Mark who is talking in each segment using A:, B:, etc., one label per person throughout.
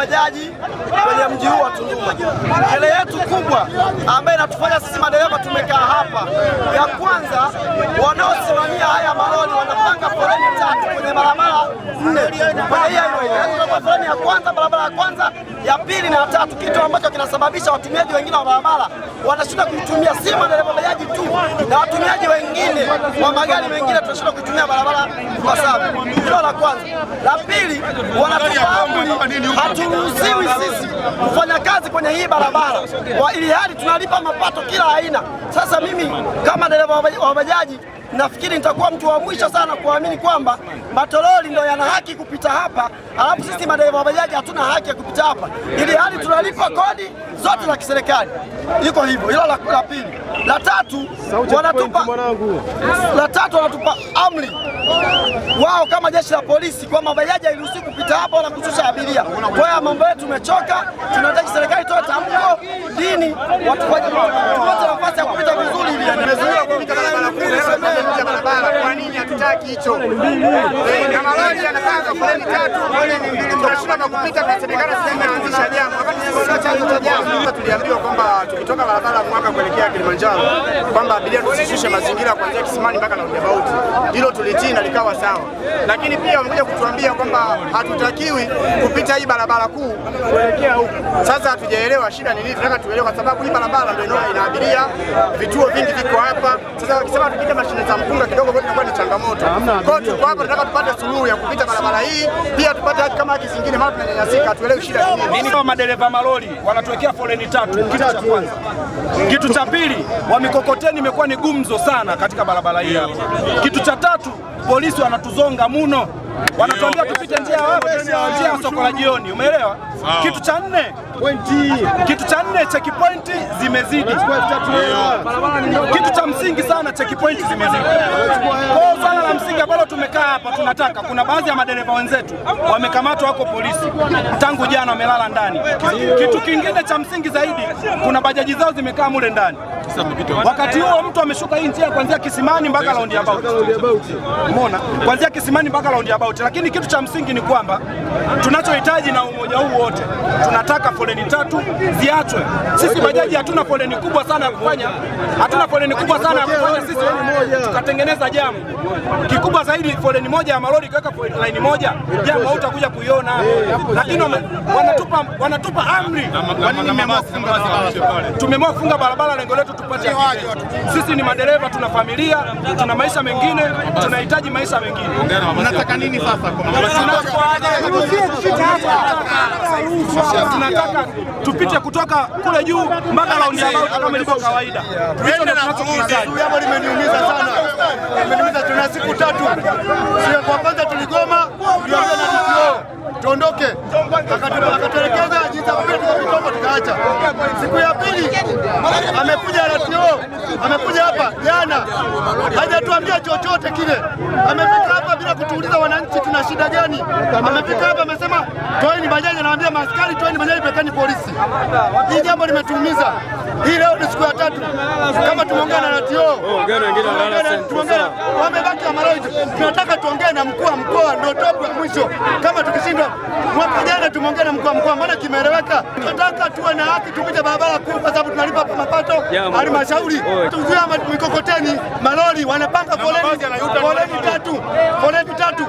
A: bajaji kwenye mji huu wa Tunduma. Kele yetu kubwa ambayo inatufanya sisi madereva tumekaa hapa, ya kwanza, wanaosimamia haya maloni wanapanga foleni tatu kwenye barabara nne kwenye foleni ya kwanza, barabara ya kwanza, ya pili na ya tatu, kitu ambacho kinasababisha watumiaji wengine wa barabara wanashinda kuitumia, si madereva bajaji tu, na watumiaji wengine wa magari mengine tunashinda kuitumia barabara kwa sababu hilo la kwanza. La pili wanatupa haturuhusiwi sisi kufanya kazi kwenye hii barabara kwa ili hali tunalipa mapato kila aina. Sasa mimi kama dereva wa bajaji nafikiri nitakuwa mtu wa mwisho sana kuamini kwamba matoroli ndio yana haki kupita hapa, alafu sisi madereva wa bajaji hatuna haki ya kupita hapa, ili hali tunalipa kodi zote za kiserikali. Iko hivyo. Hilo la pili. La tatu wanatupa, la tatu wanatupa amri wao kama jeshi la polisi kwamba mabajaji hairuhusiwi kupita hapa wala kushusha abiria. Kwa hiyo mambo yetu tumechoka, tunataka serikali toa tamko dini watu nafasi ya kupita vizuri ili sehemu za barabara. Kwa nini hatutaki hicho? Na malori yanapanga foleni tatu, foleni mbili, tunashindwa na kupita, tunasemekana sehemu inaanzisha jambo Chanzo cha jambo tuliambiwa kwamba tukitoka barabara mwaka kuelekea Kilimanjaro kwamba abiria tusishushe mazingira kuanzia kisimani mpaka na Ujabauti. Hilo tulitii na likawa sawa, lakini pia wamekuja kutuambia kwamba hatutakiwi kupita hii barabara kuu kuelekea huku. Sasa hatujaelewa shida ni nini, tunataka tuelewe, kwa sababu hii barabara ndio ina abiria, vituo vingi viko hapa. Sasa wakisema tupite mashine za mpunga kidogo, inakuwa ni changamoto. Kwa tuko hapa, tunataka tupate suluhu ya kupita barabara hii, pia tupate kama haki zingine, maana tunanyanyasika, hatuelewi shida ni nini. Madereva malori lori wanatuwekea foleni tatu, kitu cha kwanza. Kitu cha pili, wa mikokoteni imekuwa ni gumzo sana katika barabara hii hapa. Kitu cha tatu, polisi wanatuzonga muno, wanatuambia tupite njia wapi? Njia ya soko la jioni, umeelewa? Kitu cha nne, kitu cha nne, checkpoint zimezidi. Kitu cha msingi sana, checkpoint zimezidi. Kwa swala la msingi tumekaa hapa tunataka, kuna baadhi ya madereva wenzetu wamekamatwa, wako polisi tangu jana, wamelala ndani. Kitu kingine cha msingi zaidi, kuna bajaji zao zimekaa mule ndani. Wakati huo mtu ameshuka hii njia kuanzia Kisimani mpaka round about, umeona, kuanzia Kisimani mpaka round about. Lakini kitu cha msingi ni kwamba tunachohitaji na umoja huu wote, tunataka foleni tatu ziachwe. Sisi bajaji hatuna foleni kubwa sana ya kufanya, hatuna foleni kubwa sana ya kufanya sisi, tukatengeneza jamu kikubwa zaidi hivi foleni moja ya malori ikiweka laini moja jambo hautakuja kuiona, lakini wanatupa wanatupa amri. Tumeamua kufunga barabara, lengo letu tupate. Sisi ni madereva, tuna familia, tuna maisha mengine, tunahitaji maisha mengine.
B: Mnataka nini sasa?
A: Tunataka tupite kutoka kule juu mpaka raundi ya kama ilivyo kawaida. Jambo limeniumiza sana tumetimiza, tuna siku tatu. Siku ya kwanza tuligoma, tuliambiwa na DPO tuondoke, akatuelekeza jinsi ya kupita, tukaacha. Siku ya pili amekuja ratio, amekuja hapa jana, hajatuambia chochote kile. Amefika hapa bila kutuuliza wananchi tuna shida gani. Amefika hapa amesema toeni bajaji, anawaambia maaskari toeni bajaji, pekani polisi. Hii jambo limetuumiza. Hii leo ni siku ya tatu kama tumeongea na ratio, wamebaki wa Tunataka tuongee na mkuu wa mkoa, ndio topu ya mwisho. Kama tukishindwa, mwaka jana tumeongea na mkuu wa mkoa, mbona kimeeleweka? Tunataka tuwe na haki, tupite barabara kuu kwa sababu tunalipa mapato halmashauri tuzuia mikokoteni, malori wanapanga foleni tatu, foleni tatu,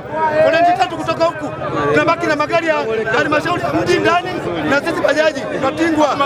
A: foleni tatu kutoka huku, tunabaki na magari ya halmashauri mji ndani na sisi bajaji tunatingwa.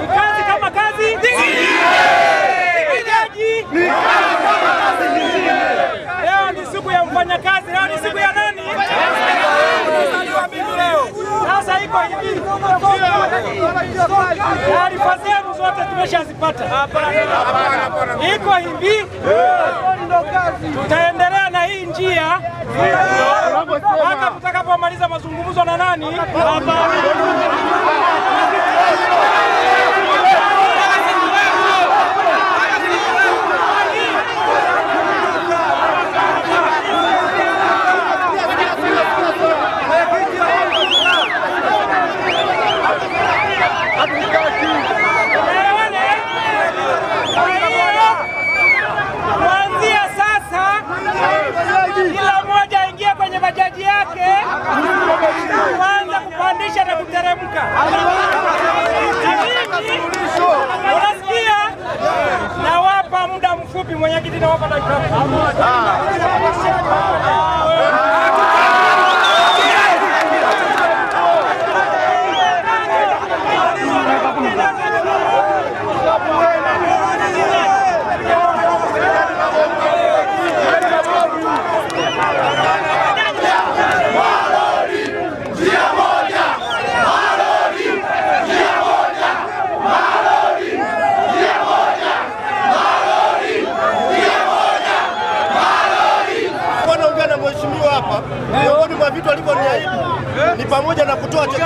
A: Ni kazi kama kazi nyingine. Leo ni siku ya mfanyakazi, leo ni siku ya nani? Sasa iko hivi, taarifa zenu zote tumeshazipata. Iko hivi, tutaendelea na hii njia mpaka tutakapomaliza mazungumzo na nani?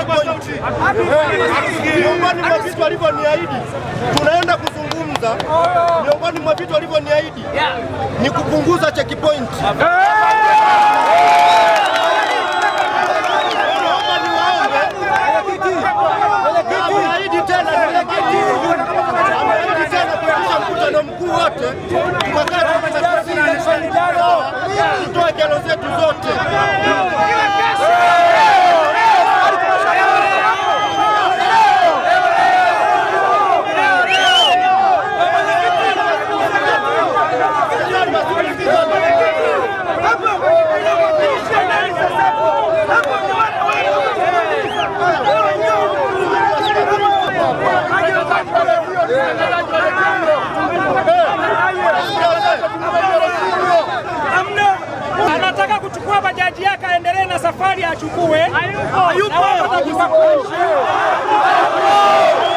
A: miongoni mwa vitu alivyoniahidi, tunaenda kuzungumza. Miongoni mwa vitu alivyoniahidi ni kupunguza checkpoint. Mkutano mkuu wote tutoe kero zetu zote. mchezaji yake aendelee na safari, achukue Hayupo. Hayupo. Hayupo. Hayupo. Hayupo. Hayupo. Hayupo. Hayupo. Hayupo.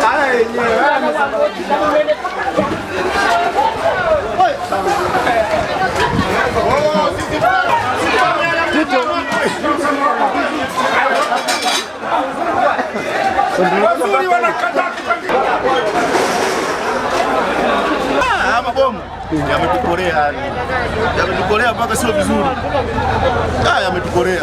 C: Ay, yeah. wazuri ah, wanakataa mabomu yametukorea, yametukorea mpaka sio vizuri, ah, yametukorea.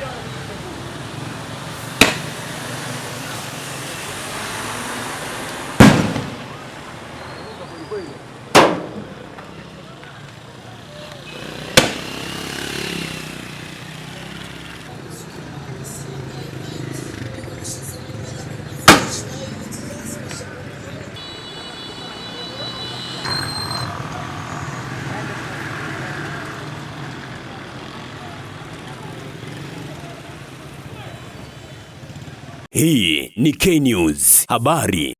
C: ni K News. Habari